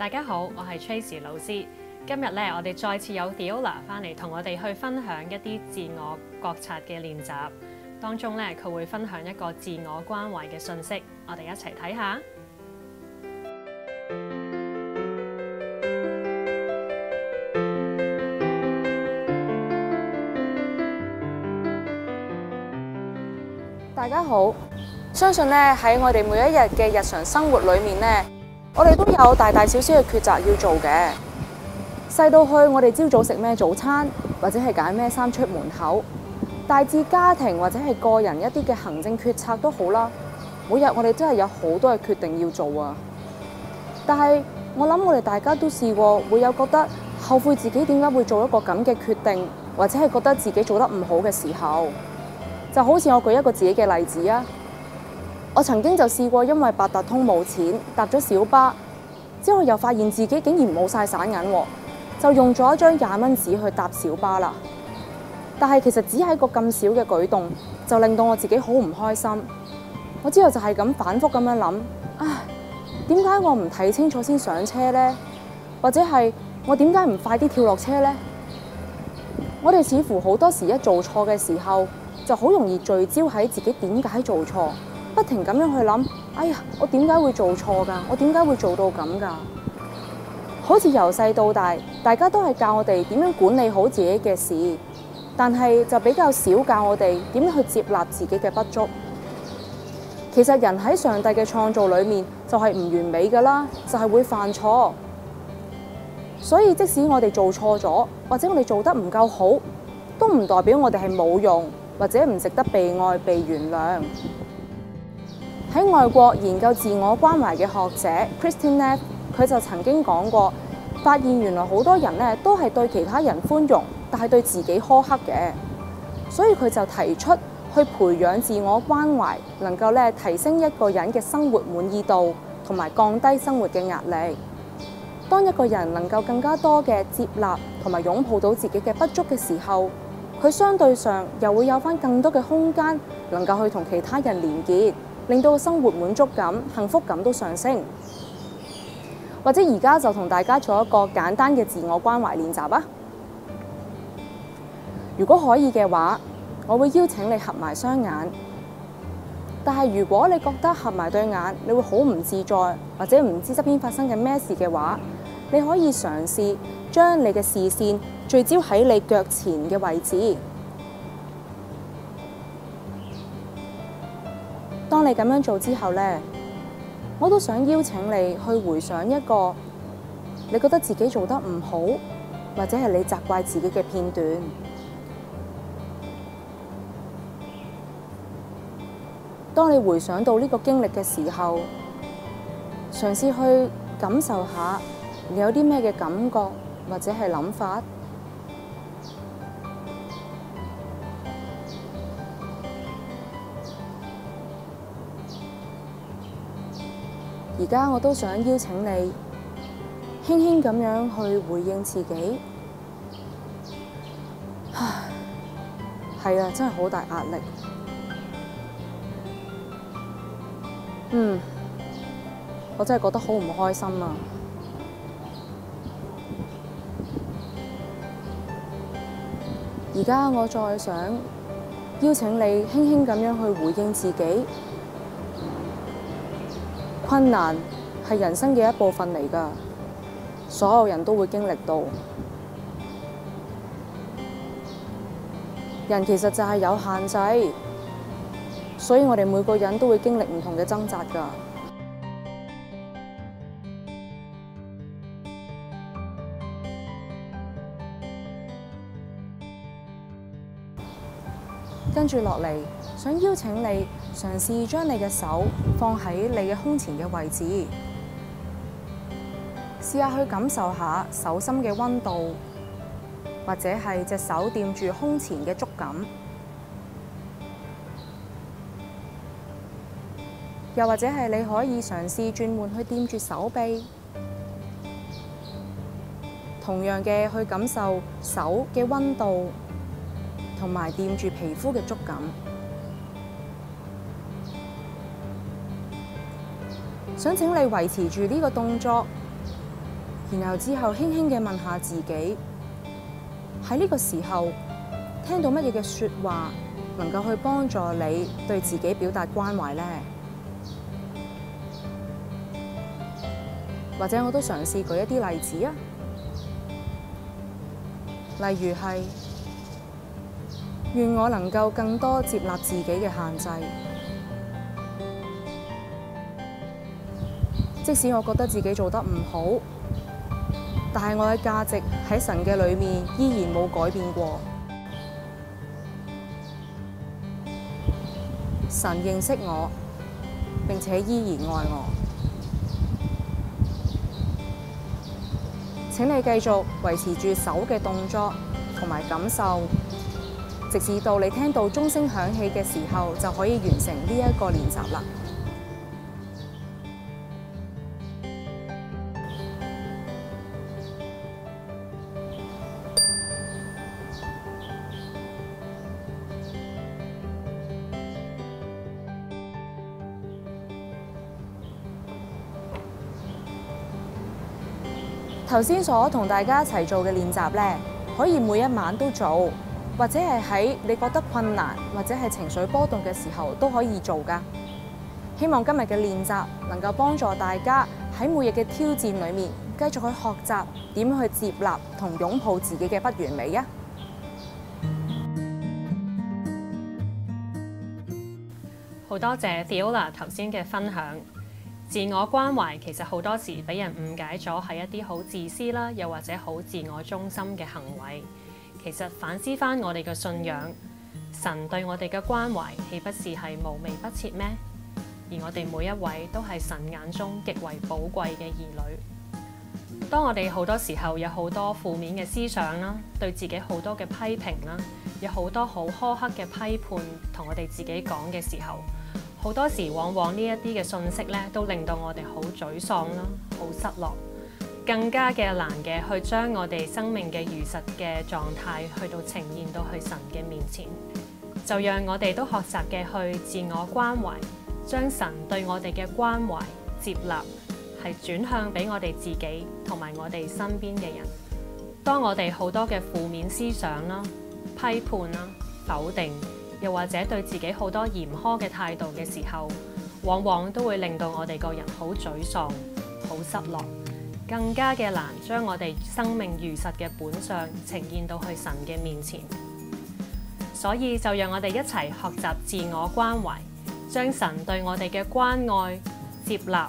大家好，我係 Tracy 老師。今日咧，我哋再次有 Diorla 翻嚟，同我哋去分享一啲自我覺察嘅練習。當中咧，佢會分享一個自我關懷嘅信息，我哋一齊睇下。大家好，相信咧，喺我哋每一日嘅日常生活裏面咧。我哋都有大大小小嘅抉擇要做嘅，細到去我哋朝早食咩早餐，或者係揀咩衫出門口；大至家庭或者係個人一啲嘅行政決策都好啦。每日我哋真係有好多嘅決定要做啊！但係我諗我哋大家都試過會有覺得後悔自己點解會做一個咁嘅決定，或者係覺得自己做得唔好嘅時候，就好似我舉一個自己嘅例子啊。我曾經就試過，因為八達通冇錢搭咗小巴，之後又發現自己竟然冇晒散銀，就用咗一張廿蚊紙去搭小巴啦。但係其實只係一個咁少嘅舉動，就令到我自己好唔開心。我之後就係咁反覆咁樣諗，啊，點解我唔睇清楚先上車呢？或者係我點解唔快啲跳落車呢？我哋似乎好多時一做錯嘅時候，就好容易聚焦喺自己點解做錯。不停咁樣去諗，哎呀，我點解會做錯噶？我點解會做到咁噶？好似由細到大，大家都係教我哋點樣管理好自己嘅事，但係就比較少教我哋點樣去接納自己嘅不足。其實人喺上帝嘅創造裏面就係唔完美噶啦，就係會犯錯。所以即使我哋做錯咗，或者我哋做得唔夠好，都唔代表我哋係冇用或者唔值得被愛、被原諒。喺外國研究自我關懷嘅學者 Kristin Neff 咧，佢就曾經講過，發現原來好多人咧都係對其他人寬容，但係對自己苛刻嘅。所以佢就提出去培養自我關懷，能夠咧提升一個人嘅生活滿意度，同埋降低生活嘅壓力。當一個人能夠更加多嘅接納同埋擁抱到自己嘅不足嘅時候，佢相對上又會有返更多嘅空間，能夠去同其他人連結。令到生活滿足感、幸福感都上升，或者而家就同大家做一個簡單嘅自我關懷練習啊！如果可以嘅話，我會邀請你合埋雙眼。但係如果你覺得合埋對眼，你會好唔自在，或者唔知側邊發生緊咩事嘅話，你可以嘗試將你嘅視線聚焦喺你腳前嘅位置。當你咁樣做之後呢，我都想邀請你去回想一個你覺得自己做得唔好，或者係你責怪自己嘅片段。當你回想到呢個經歷嘅時候，嘗試去感受下你有啲咩嘅感覺或者係諗法。而家我都想邀請你，輕輕咁樣去回應自己。唉，係啊，真係好大壓力。嗯，我真係覺得好唔開心啊！而家我再想邀請你，輕輕咁樣去回應自己。困難係人生嘅一部分嚟㗎，所有人都會經歷到。人其實就係有限制，所以我哋每個人都會經歷唔同嘅掙扎㗎。跟住落嚟，想邀請你。嘗試將你嘅手放喺你嘅胸前嘅位置，試下去感受下手心嘅溫度，或者係隻手掂住胸前嘅觸感。又或者係你可以嘗試轉換去掂住手臂，同樣嘅去感受手嘅溫度，同埋掂住皮膚嘅觸感。想請你維持住呢個動作，然後之後輕輕嘅問下自己，喺呢個時候聽到乜嘢嘅説話，能夠去幫助你對自己表達關懷呢？或者我都嘗試舉一啲例子啊，例如係願我能夠更多接納自己嘅限制。即使我覺得自己做得唔好，但係我嘅價值喺神嘅裏面依然冇改變過。神認識我，並且依然愛我。請你繼續維持住手嘅動作同埋感受，直至到你聽到鐘聲響起嘅時候，就可以完成呢一個練習啦。頭先所同大家一齊做嘅練習呢，可以每一晚都做，或者係喺你覺得困難或者係情緒波動嘅時候都可以做噶。希望今日嘅練習能夠幫助大家喺每日嘅挑戰裏面繼續去學習點去接納同擁抱自己嘅不完美啊！好多謝 Diora 頭先嘅分享。自我關懷其實好多時俾人誤解咗係一啲好自私啦，又或者好自我中心嘅行為。其實反思翻我哋嘅信仰，神對我哋嘅關懷豈不是係無微不至咩？而我哋每一位都係神眼中極為寶貴嘅兒女。當我哋好多時候有好多負面嘅思想啦，對自己好多嘅批評啦，有好多好苛刻嘅批判同我哋自己講嘅時候。好多時，往往呢一啲嘅信息咧，都令到我哋好沮喪啦，好失落，更加嘅難嘅去將我哋生命嘅如實嘅狀態去到呈現到去神嘅面前，就讓我哋都學習嘅去自我關懷，將神對我哋嘅關懷接納，係轉向俾我哋自己同埋我哋身邊嘅人。當我哋好多嘅負面思想啦、批判啦、否定。又或者對自己好多嚴苛嘅態度嘅時候，往往都會令到我哋個人好沮喪、好失落，更加嘅難將我哋生命如實嘅本相呈現到去神嘅面前。所以就讓我哋一齊學習自我關懷，將神對我哋嘅關愛接納、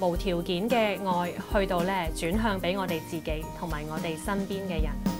無條件嘅愛，去到呢，轉向俾我哋自己同埋我哋身邊嘅人。